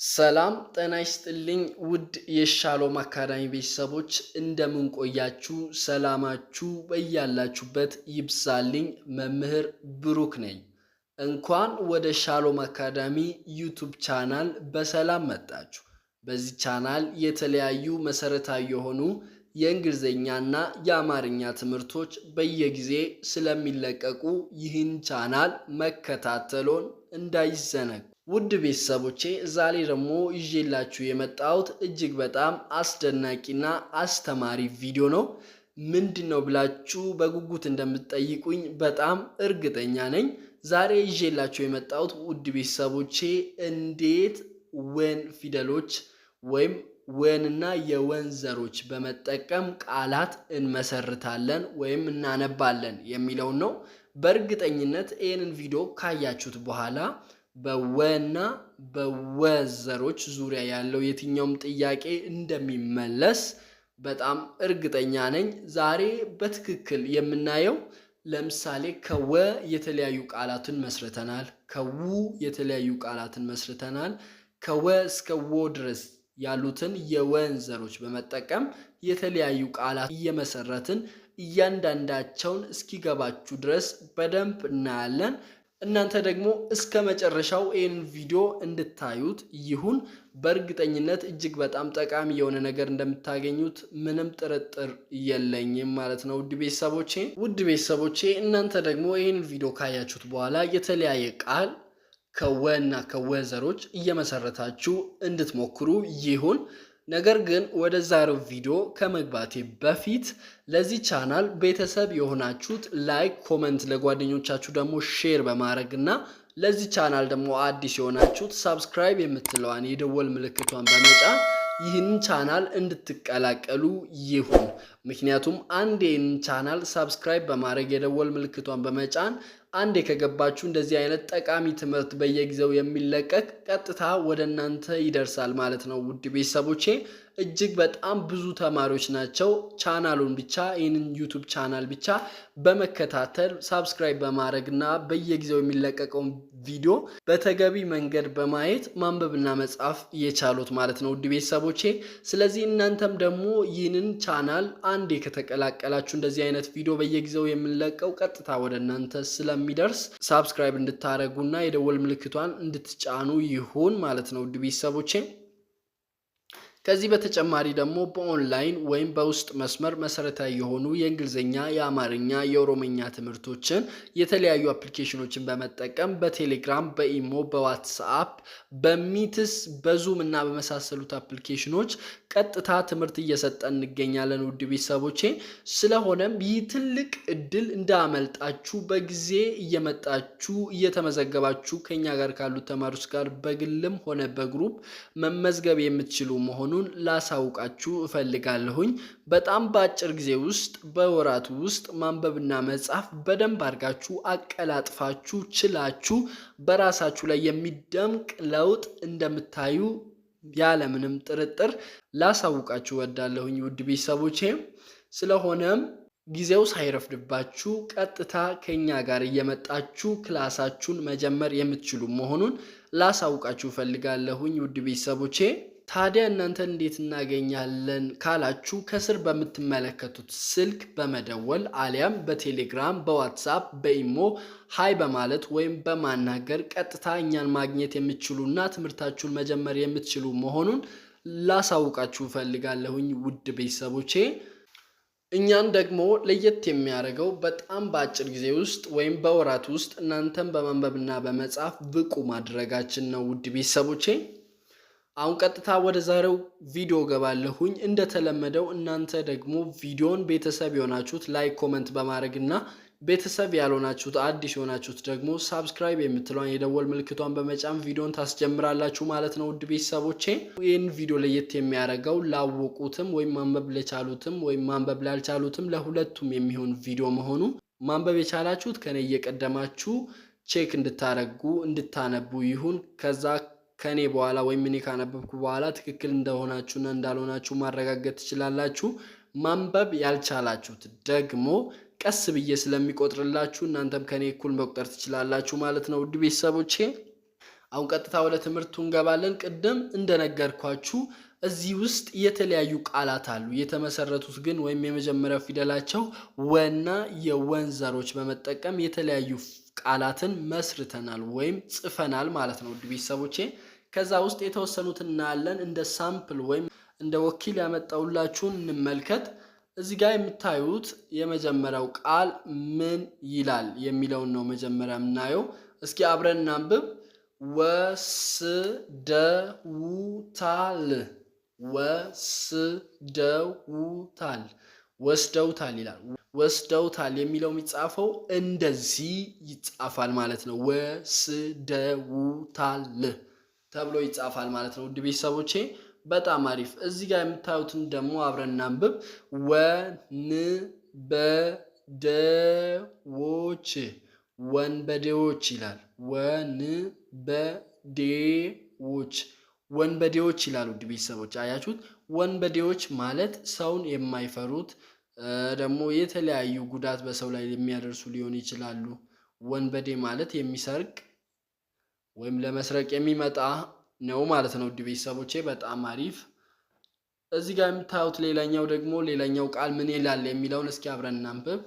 ሰላም ጤና ይስጥልኝ። ውድ የሻሎም አካዳሚ ቤተሰቦች እንደምንቆያችሁ፣ ሰላማችሁ በያላችሁበት ይብዛልኝ። መምህር ብሩክ ነኝ። እንኳን ወደ ሻሎም አካዳሚ ዩቱብ ቻናል በሰላም መጣችሁ። በዚህ ቻናል የተለያዩ መሰረታዊ የሆኑ የእንግሊዝኛና የአማርኛ ትምህርቶች በየጊዜ ስለሚለቀቁ ይህን ቻናል መከታተሎን እንዳይዘነጉ። ውድ ቤተሰቦቼ ዛሬ ደግሞ ይዤላችሁ የመጣሁት እጅግ በጣም አስደናቂና አስተማሪ ቪዲዮ ነው። ምንድን ነው ብላችሁ በጉጉት እንደምትጠይቁኝ በጣም እርግጠኛ ነኝ። ዛሬ ይዤላችሁ የመጣሁት ውድ ቤተሰቦቼ እንዴት ወን ፊደሎች ወይም ወንና የወን ዘሮች በመጠቀም ቃላት እንመሰርታለን ወይም እናነባለን የሚለውን ነው። በእርግጠኝነት ይህንን ቪዲዮ ካያችሁት በኋላ በወና በወዘሮች ዙሪያ ያለው የትኛውም ጥያቄ እንደሚመለስ በጣም እርግጠኛ ነኝ። ዛሬ በትክክል የምናየው ለምሳሌ ከወ የተለያዩ ቃላትን መስርተናል። ከው የተለያዩ ቃላትን መስርተናል። ከወ እስከ ወ ድረስ ያሉትን የወንዘሮች በመጠቀም የተለያዩ ቃላት እየመሰረትን እያንዳንዳቸውን እስኪገባችሁ ድረስ በደንብ እናያለን። እናንተ ደግሞ እስከ መጨረሻው ይህን ቪዲዮ እንድታዩት ይሁን። በእርግጠኝነት እጅግ በጣም ጠቃሚ የሆነ ነገር እንደምታገኙት ምንም ጥርጥር የለኝም ማለት ነው። ውድ ቤተሰቦቼ ውድ ቤተሰቦቼ እናንተ ደግሞ ይህን ቪዲዮ ካያችሁት በኋላ የተለያየ ቃል ከወ እና ከወ ዘሮች እየመሰረታችሁ እንድትሞክሩ ይሁን። ነገር ግን ወደ ዛሬው ቪዲዮ ከመግባቴ በፊት ለዚህ ቻናል ቤተሰብ የሆናችሁት ላይክ፣ ኮመንት ለጓደኞቻችሁ ደግሞ ሼር በማድረግ እና ለዚህ ቻናል ደግሞ አዲስ የሆናችሁት ሳብስክራይብ የምትለዋን የደወል ምልክቷን በመጫን ይህን ቻናል እንድትቀላቀሉ ይሁን። ምክንያቱም አንድ ይህን ቻናል ሳብስክራይብ በማድረግ የደወል ምልክቷን በመጫን አንዴ ከገባችሁ እንደዚህ አይነት ጠቃሚ ትምህርት በየጊዜው የሚለቀቅ ቀጥታ ወደ እናንተ ይደርሳል ማለት ነው። ውድ ቤተሰቦቼ እጅግ በጣም ብዙ ተማሪዎች ናቸው ቻናሉን ብቻ ይህንን ዩቱብ ቻናል ብቻ በመከታተል ሳብስክራይብ በማድረግ እና በየጊዜው የሚለቀቀውን ቪዲዮ በተገቢ መንገድ በማየት ማንበብና መጻፍ የቻሉት ማለት ነው ውድ ቤተሰቦቼ። ስለዚህ እናንተም ደግሞ ይህንን ቻናል አንዴ ከተቀላቀላችሁ እንደዚህ አይነት ቪዲዮ በየጊዜው የምንለቀው ቀጥታ ወደ እናንተ ስለ ስለሚደርስ ሳብስክራይብ እንድታደረጉና የደወል ምልክቷን እንድትጫኑ ይሁን ማለት ነው ውድ ቤተሰቦቼ። ከዚህ በተጨማሪ ደግሞ በኦንላይን ወይም በውስጥ መስመር መሰረታዊ የሆኑ የእንግሊዝኛ፣ የአማርኛ፣ የኦሮምኛ ትምህርቶችን የተለያዩ አፕሊኬሽኖችን በመጠቀም በቴሌግራም፣ በኢሞ፣ በዋትስአፕ፣ በሚትስ፣ በዙም እና በመሳሰሉት አፕሊኬሽኖች ቀጥታ ትምህርት እየሰጠን እንገኛለን ውድ ቤተሰቦቼ። ስለሆነም ይህ ትልቅ እድል እንዳመልጣችሁ በጊዜ እየመጣችሁ እየተመዘገባችሁ ከኛ ጋር ካሉት ተማሪዎች ጋር በግልም ሆነ በግሩፕ መመዝገብ የምትችሉ መሆኑ መሆኑን ላሳውቃችሁ እፈልጋለሁኝ። በጣም በአጭር ጊዜ ውስጥ በወራቱ ውስጥ ማንበብና መጻፍ በደንብ አድርጋችሁ አቀላጥፋችሁ ችላችሁ በራሳችሁ ላይ የሚደምቅ ለውጥ እንደምታዩ ያለምንም ጥርጥር ላሳውቃችሁ ወዳለሁኝ ውድ ቤተሰቦቼ። ስለሆነም ጊዜው ሳይረፍድባችሁ ቀጥታ ከኛ ጋር እየመጣችሁ ክላሳችሁን መጀመር የምትችሉ መሆኑን ላሳውቃችሁ እፈልጋለሁኝ ውድ ቤተሰቦቼ። ታዲያ እናንተን እንዴት እናገኛለን ካላችሁ ከስር በምትመለከቱት ስልክ በመደወል አሊያም በቴሌግራም፣ በዋትሳፕ፣ በኢሞ ሀይ በማለት ወይም በማናገር ቀጥታ እኛን ማግኘት የምትችሉና ትምህርታችሁን መጀመር የምትችሉ መሆኑን ላሳውቃችሁ እፈልጋለሁኝ ውድ ቤተሰቦቼ። እኛን ደግሞ ለየት የሚያደርገው በጣም በአጭር ጊዜ ውስጥ ወይም በወራት ውስጥ እናንተን በማንበብና በመጻፍ ብቁ ማድረጋችን ነው ውድ ቤተሰቦቼ። አሁን ቀጥታ ወደ ዛሬው ቪዲዮ ገባለሁኝ። እንደተለመደው እናንተ ደግሞ ቪዲዮን ቤተሰብ የሆናችሁት ላይክ፣ ኮመንት በማድረግ እና ቤተሰብ ያልሆናችሁት አዲስ የሆናችሁት ደግሞ ሳብስክራይብ የምትለዋን የደወል ምልክቷን በመጫን ቪዲዮን ታስጀምራላችሁ ማለት ነው። ውድ ቤተሰቦቼ ይህን ቪዲዮ ለየት የሚያደርገው ላወቁትም ወይም ማንበብ ለቻሉትም ወይም ማንበብ ላልቻሉትም ለሁለቱም የሚሆን ቪዲዮ መሆኑ ማንበብ የቻላችሁት ከኔ እየቀደማችሁ ቼክ እንድታረጉ እንድታነቡ ይሁን ከዛ ከእኔ በኋላ ወይም እኔ ካነበብኩ በኋላ ትክክል እንደሆናችሁና እንዳልሆናችሁ ማረጋገጥ ትችላላችሁ። ማንበብ ያልቻላችሁት ደግሞ ቀስ ብዬ ስለሚቆጥርላችሁ እናንተም ከኔ እኩል መቁጠር ትችላላችሁ ማለት ነው። ውድ ቤተሰቦቼ አሁን ቀጥታ ወደ ትምህርቱ እንገባለን። ቅድም እንደነገርኳችሁ እዚህ ውስጥ የተለያዩ ቃላት አሉ። የተመሰረቱት ግን ወይም የመጀመሪያው ፊደላቸው ወና ዘሮች በመጠቀም የተለያዩ ቃላትን መስርተናል ወይም ጽፈናል ማለት ነው ውድ ቤተሰቦቼ ከዛ ውስጥ የተወሰኑት እናያለን። እንደ ሳምፕል ወይም እንደ ወኪል ያመጣውላችሁን እንመልከት። እዚህ ጋር የምታዩት የመጀመሪያው ቃል ምን ይላል የሚለውን ነው መጀመሪያ የምናየው። እስኪ አብረን እናንብብ። ወስደውታል፣ ወስደውታል፣ ወስደውታል ይላል። ወስደውታል የሚለው የሚጻፈው እንደዚህ ይጻፋል ማለት ነው። ወስደውታል ተብሎ ይጻፋል ማለት ነው። ውድ ቤተሰቦቼ በጣም አሪፍ። እዚህ ጋር የምታዩትን ደግሞ አብረና አንብብ። ወንበደዎች ወንበዴዎች ይላል። ወንበዴዎች ወንበዴዎች ይላል። ውድ ቤተሰቦች አያችሁት? ወንበዴዎች ማለት ሰውን የማይፈሩት ደግሞ የተለያዩ ጉዳት በሰው ላይ የሚያደርሱ ሊሆን ይችላሉ። ወንበዴ ማለት የሚሰርቅ ወይም ለመስረቅ የሚመጣ ነው ማለት ነው። ውድ ቤተሰቦቼ በጣም አሪፍ። እዚህ ጋር የምታዩት ሌላኛው ደግሞ ሌላኛው ቃል ምን ይላል የሚለውን እስኪ አብረን እናንብብ።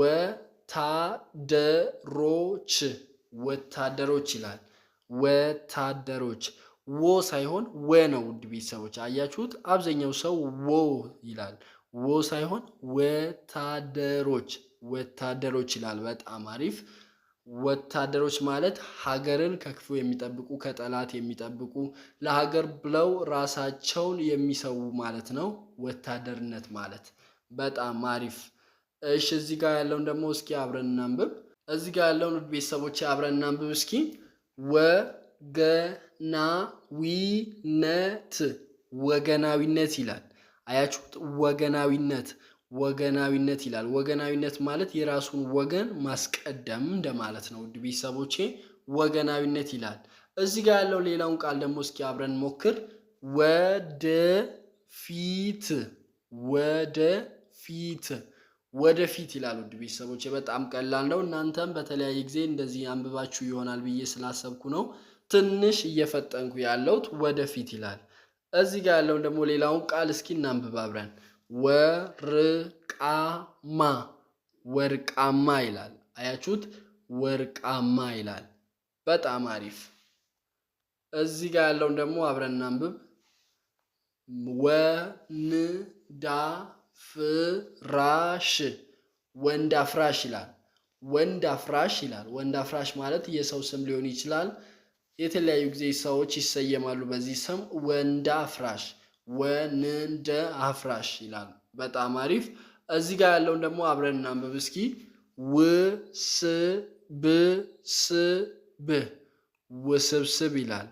ወታደሮች ወታደሮች ይላል። ወታደሮች ወ ሳይሆን ወ ነው። ውድ ቤተሰቦች አያችሁት? አብዛኛው ሰው ወ ይላል። ወ ሳይሆን ወታደሮች ወታደሮች ይላል። በጣም አሪፍ ወታደሮች ማለት ሀገርን ከክፉ የሚጠብቁ ከጠላት የሚጠብቁ ለሀገር ብለው ራሳቸውን የሚሰዉ ማለት ነው። ወታደርነት ማለት በጣም አሪፍ። እሺ እዚህ ጋር ያለውን ደግሞ እስኪ አብረን እናንብብ። እዚህ ጋር ያለውን ውድ ቤተሰቦች አብረን እናንብብ እስኪ። ወገናዊነት ወገናዊነት ይላል። አያችሁት? ወገናዊነት ወገናዊነት ይላል። ወገናዊነት ማለት የራሱን ወገን ማስቀደም እንደማለት ነው። ውድ ቤተሰቦቼ ወገናዊነት ይላል። እዚህ ጋር ያለው ሌላውን ቃል ደግሞ እስኪ አብረን ሞክር። ወደፊት ወደፊት ወደፊት ይላል። ውድ ቤተሰቦቼ በጣም ቀላል ነው። እናንተም በተለያየ ጊዜ እንደዚህ አንብባችሁ ይሆናል ብዬ ስላሰብኩ ነው ትንሽ እየፈጠንኩ ያለሁት። ወደፊት ይላል። እዚህ ጋር ያለውን ደግሞ ሌላውን ቃል እስኪ እናንብብ አብረን ወርቃማ ወርቃማ ይላል። አያችሁት? ወርቃማ ይላል። በጣም አሪፍ። እዚህ ጋር ያለውን ደግሞ አብረን እናንብብ። ወንዳ ፍራሽ ወንዳ ፍራሽ ይላል። ወንዳ አፍራሽ ይላል። ወንዳ አፍራሽ ማለት የሰው ስም ሊሆን ይችላል። የተለያዩ ጊዜ ሰዎች ይሰየማሉ በዚህ ስም ወንዳ ፍራሽ። ወንደ አፍራሽ ይላል። በጣም አሪፍ። እዚህ ጋር ያለውን ደግሞ አብረን እናንብብ እስኪ። ውስብስብ ውስብስብ ይላል።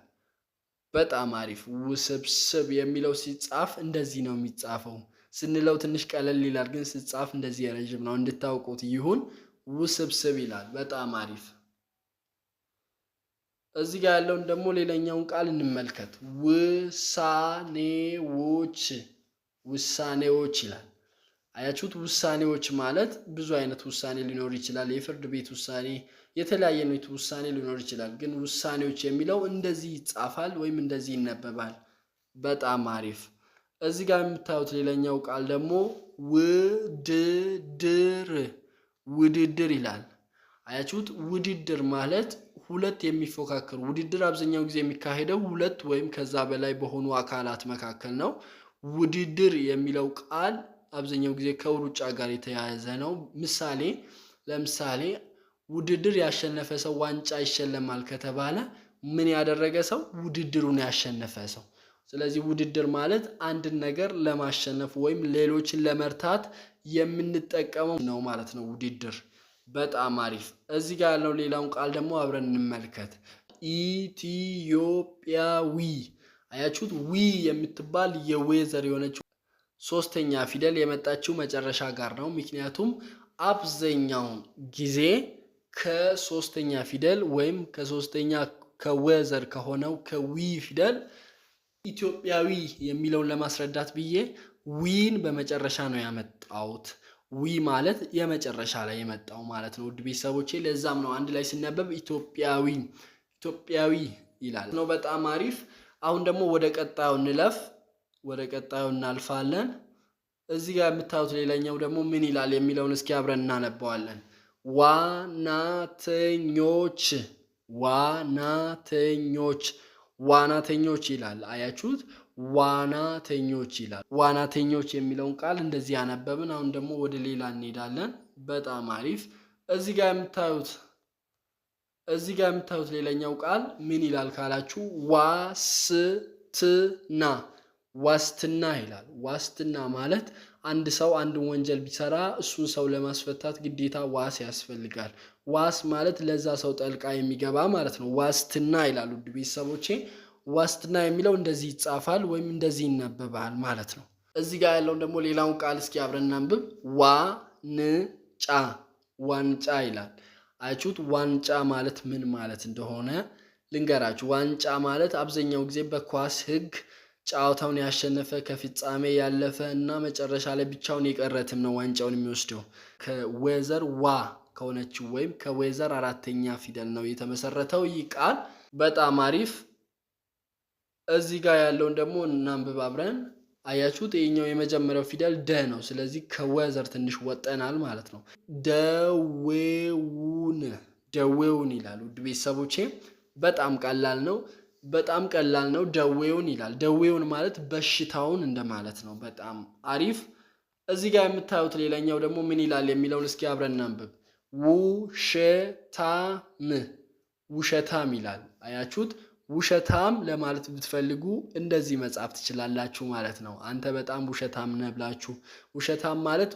በጣም አሪፍ። ውስብስብ የሚለው ሲጻፍ እንደዚህ ነው የሚጻፈው። ስንለው ትንሽ ቀለል ይላል፣ ግን ሲጻፍ እንደዚህ ረዥም ነው። እንድታውቁት ይሁን። ውስብስብ ይላል። በጣም አሪፍ እዚህ ጋር ያለውን ደግሞ ሌላኛውን ቃል እንመልከት። ውሳኔዎች ውሳኔዎች ይላል። አያችሁት? ውሳኔዎች ማለት ብዙ አይነት ውሳኔ ሊኖር ይችላል። የፍርድ ቤት ውሳኔ፣ የተለያየ አይነት ውሳኔ ሊኖር ይችላል። ግን ውሳኔዎች የሚለው እንደዚህ ይጻፋል ወይም እንደዚህ ይነበባል። በጣም አሪፍ። እዚህ ጋር የምታዩት ሌላኛው ቃል ደግሞ ውድድር ውድድር ይላል። አያችሁት? ውድድር ማለት ሁለት የሚፎካከሩ ውድድር አብዛኛው ጊዜ የሚካሄደው ሁለት ወይም ከዛ በላይ በሆኑ አካላት መካከል ነው። ውድድር የሚለው ቃል አብዛኛው ጊዜ ከሩጫ ጋር የተያያዘ ነው። ምሳሌ ለምሳሌ ውድድር ያሸነፈ ሰው ዋንጫ ይሸለማል ከተባለ ምን ያደረገ ሰው? ውድድሩን ያሸነፈ ሰው። ስለዚህ ውድድር ማለት አንድን ነገር ለማሸነፍ ወይም ሌሎችን ለመርታት የምንጠቀመው ነው ማለት ነው ውድድር በጣም አሪፍ። እዚህ ጋር ያለው ሌላውን ቃል ደግሞ አብረን እንመልከት። ኢትዮጵያዊ አያችሁት? ዊ የምትባል የዌ ዘር የሆነችው ሶስተኛ ፊደል የመጣችው መጨረሻ ጋር ነው። ምክንያቱም አብዛኛውን ጊዜ ከሶስተኛ ፊደል ወይም ከሶስተኛ ከዌ ዘር ከሆነው ከዊ ፊደል ኢትዮጵያዊ የሚለውን ለማስረዳት ብዬ ዊን በመጨረሻ ነው ያመጣሁት። ዊ ማለት የመጨረሻ ላይ የመጣው ማለት ነው። ውድ ቤተሰቦቼ ለዛም ነው አንድ ላይ ሲነበብ ኢትዮጵያዊ ኢትዮጵያዊ ይላል ነው። በጣም አሪፍ። አሁን ደግሞ ወደ ቀጣዩ እንለፍ። ወደ ቀጣዩ እናልፋለን። እዚህ ጋር የምታዩት ሌላኛው ደግሞ ምን ይላል የሚለውን እስኪ አብረን እናነበዋለን። ዋናተኞች ዋናተኞች ዋናተኞች ይላል። አያችሁት? ዋናተኞች ይላል። ዋናተኞች የሚለውን ቃል እንደዚህ ያነበብን። አሁን ደግሞ ወደ ሌላ እንሄዳለን። በጣም አሪፍ። እዚህ ጋር የምታዩት እዚህ ጋር የምታዩት ሌላኛው ቃል ምን ይላል ካላችሁ ዋስትና ዋስትና ይላል። ዋስትና ማለት አንድ ሰው አንድን ወንጀል ቢሰራ እሱን ሰው ለማስፈታት ግዴታ ዋስ ያስፈልጋል። ዋስ ማለት ለዛ ሰው ጠልቃ የሚገባ ማለት ነው። ዋስትና ይላሉ ቤተሰቦቼ። ዋስትና የሚለው እንደዚህ ይጻፋል ወይም እንደዚህ ይነበባል ማለት ነው። እዚህ ጋር ያለውን ደግሞ ሌላውን ቃል እስኪ አብረን እናንብብ። ዋንጫ ዋንጫ ይላል። አያችሁት? ዋንጫ ማለት ምን ማለት እንደሆነ ልንገራችሁ። ዋንጫ ማለት አብዛኛው ጊዜ በኳስ ሕግ ጨዋታውን ያሸነፈ ከፍጻሜ ያለፈ እና መጨረሻ ላይ ብቻውን የቀረትም ነው ዋንጫውን የሚወስደው ከወዘር ዋ ከሆነችው ወይም ከዌዘር አራተኛ ፊደል ነው የተመሰረተው። ይህ ቃል በጣም አሪፍ እዚህ ጋር ያለውን ደግሞ እናንብብ አብረን። አያችሁት? ይህኛው የመጀመሪያው ፊደል ደ ነው። ስለዚህ ከወዘር ትንሽ ወጠናል ማለት ነው። ደዌውን ደዌውን ይላል። ውድ ቤተሰቦቼ በጣም ቀላል ነው። በጣም ቀላል ነው። ደዌውን ይላል። ደዌውን ማለት በሽታውን እንደማለት ነው። በጣም አሪፍ። እዚህ ጋር የምታዩት ሌላኛው ደግሞ ምን ይላል የሚለውን እስኪ አብረን እናንብብ። ውሸታም ውሸታም ይላል። አያችሁት? ውሸታም ለማለት ብትፈልጉ እንደዚህ መጻፍ ትችላላችሁ ማለት ነው። አንተ በጣም ውሸታም ነህ ብላችሁ። ውሸታም ማለት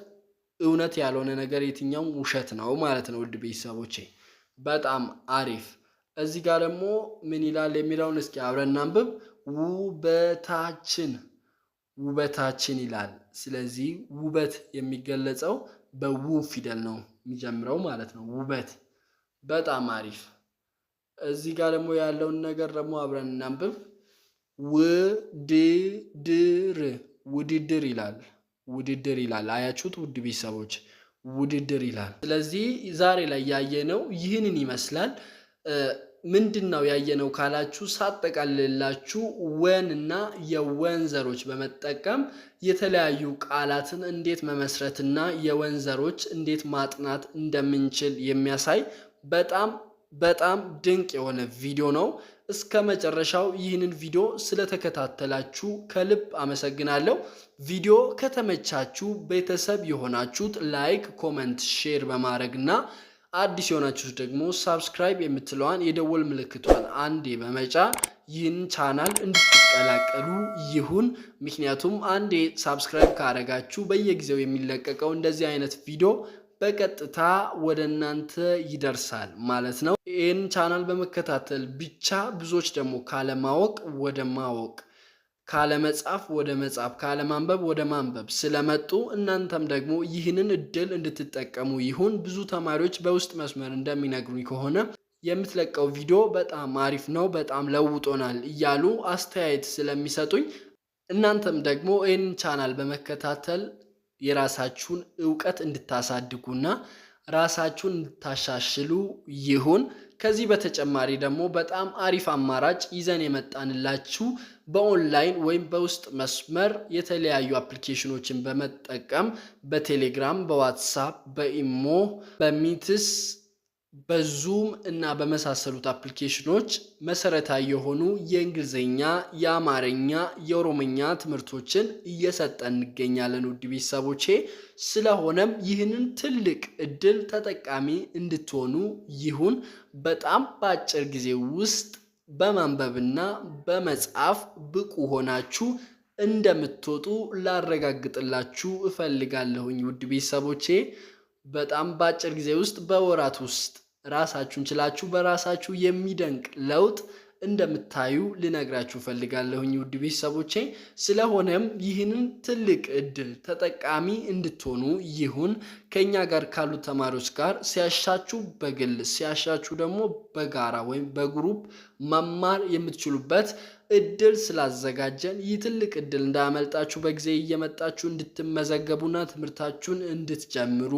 እውነት ያልሆነ ነገር የትኛውም ውሸት ነው ማለት ነው። ውድ ቤተሰቦቼ በጣም አሪፍ። እዚህ ጋር ደግሞ ምን ይላል የሚለውን እስኪ አብረን እናንብብ። ውበታችን ውበታችን ይላል። ስለዚህ ውበት የሚገለጸው በው ፊደል ነው የሚጀምረው ማለት ነው። ውበት በጣም አሪፍ እዚህ ጋር ደግሞ ያለውን ነገር ደግሞ አብረን እናንብብ። ውድድር ውድድር ይላል ውድድር ይላል። አያችሁት? ውድ ቤተሰቦች ውድድር ይላል። ስለዚህ ዛሬ ላይ ያየነው ይህንን ይመስላል። ምንድን ነው ያየነው ካላችሁ ሳጠቃልላችሁ ወን እና የወን ዘሮች በመጠቀም የተለያዩ ቃላትን እንዴት መመስረትና የወን ዘሮች እንዴት ማጥናት እንደምንችል የሚያሳይ በጣም በጣም ድንቅ የሆነ ቪዲዮ ነው። እስከ መጨረሻው ይህንን ቪዲዮ ስለተከታተላችሁ ከልብ አመሰግናለሁ። ቪዲዮ ከተመቻችሁ ቤተሰብ የሆናችሁት ላይክ፣ ኮመንት፣ ሼር በማድረግ እና አዲስ የሆናችሁት ደግሞ ሳብስክራይብ የምትለዋን የደወል ምልክቷን አንዴ በመጫ ይህን ቻናል እንድትቀላቀሉ ይሁን። ምክንያቱም አንዴ ሳብስክራይብ ካረጋችሁ በየጊዜው የሚለቀቀው እንደዚህ አይነት ቪዲዮ በቀጥታ ወደ እናንተ ይደርሳል ማለት ነው። ይህን ቻናል በመከታተል ብቻ ብዙዎች ደግሞ ካለማወቅ ወደ ማወቅ ካለመጻፍ ወደ መጻፍ ካለማንበብ ወደ ማንበብ ስለመጡ እናንተም ደግሞ ይህንን እድል እንድትጠቀሙ ይሁን። ብዙ ተማሪዎች በውስጥ መስመር እንደሚነግሩኝ ከሆነ የምትለቀው ቪዲዮ በጣም አሪፍ ነው፣ በጣም ለውጦናል እያሉ አስተያየት ስለሚሰጡኝ እናንተም ደግሞ ይህን ቻናል በመከታተል የራሳችሁን እውቀት እንድታሳድጉና ራሳችሁን እንድታሻሽሉ ይሁን። ከዚህ በተጨማሪ ደግሞ በጣም አሪፍ አማራጭ ይዘን የመጣንላችሁ በኦንላይን ወይም በውስጥ መስመር የተለያዩ አፕሊኬሽኖችን በመጠቀም በቴሌግራም፣ በዋትሳፕ፣ በኢሞ፣ በሚትስ በዙም እና በመሳሰሉት አፕሊኬሽኖች መሰረታዊ የሆኑ የእንግሊዝኛ፣ የአማርኛ፣ የኦሮምኛ ትምህርቶችን እየሰጠ እንገኛለን ውድ ቤተሰቦቼ። ስለሆነም ይህንን ትልቅ እድል ተጠቃሚ እንድትሆኑ ይሁን። በጣም በአጭር ጊዜ ውስጥ በማንበብና በመጻፍ ብቁ ሆናችሁ እንደምትወጡ ላረጋግጥላችሁ እፈልጋለሁኝ ውድ ቤተሰቦቼ። በጣም በአጭር ጊዜ ውስጥ በወራት ውስጥ ራሳችሁን ችላችሁ በራሳችሁ የሚደንቅ ለውጥ እንደምታዩ ልነግራችሁ ፈልጋለሁኝ ውድ ቤተሰቦቼ። ስለሆነም ይህንን ትልቅ እድል ተጠቃሚ እንድትሆኑ ይሁን። ከእኛ ጋር ካሉ ተማሪዎች ጋር ሲያሻችሁ በግል ሲያሻችሁ ደግሞ በጋራ ወይም በግሩፕ መማር የምትችሉበት እድል ስላዘጋጀን ይህ ትልቅ እድል እንዳመልጣችሁ በጊዜ እየመጣችሁ እንድትመዘገቡና ትምህርታችሁን እንድትጀምሩ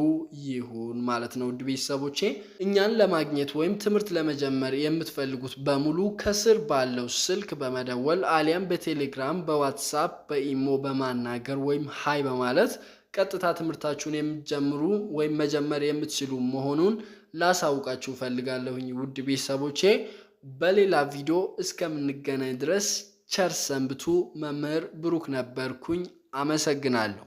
ይሁን ማለት ነው። ውድ ቤተሰቦቼ እኛን ለማግኘት ወይም ትምህርት ለመጀመር የምትፈልጉት በሙሉ ከስር ባለው ስልክ በመደወል አሊያም በቴሌግራም፣ በዋትሳፕ፣ በኢሞ በማናገር ወይም ሀይ በማለት ቀጥታ ትምህርታችሁን የምትጀምሩ ወይም መጀመር የምትችሉ መሆኑን ላሳውቃችሁ እፈልጋለሁኝ ውድ ቤተሰቦቼ በሌላ ቪዲዮ እስከምንገናኝ ድረስ ቸር ሰንብቱ። መምህር ብሩክ ነበርኩኝ። አመሰግናለሁ።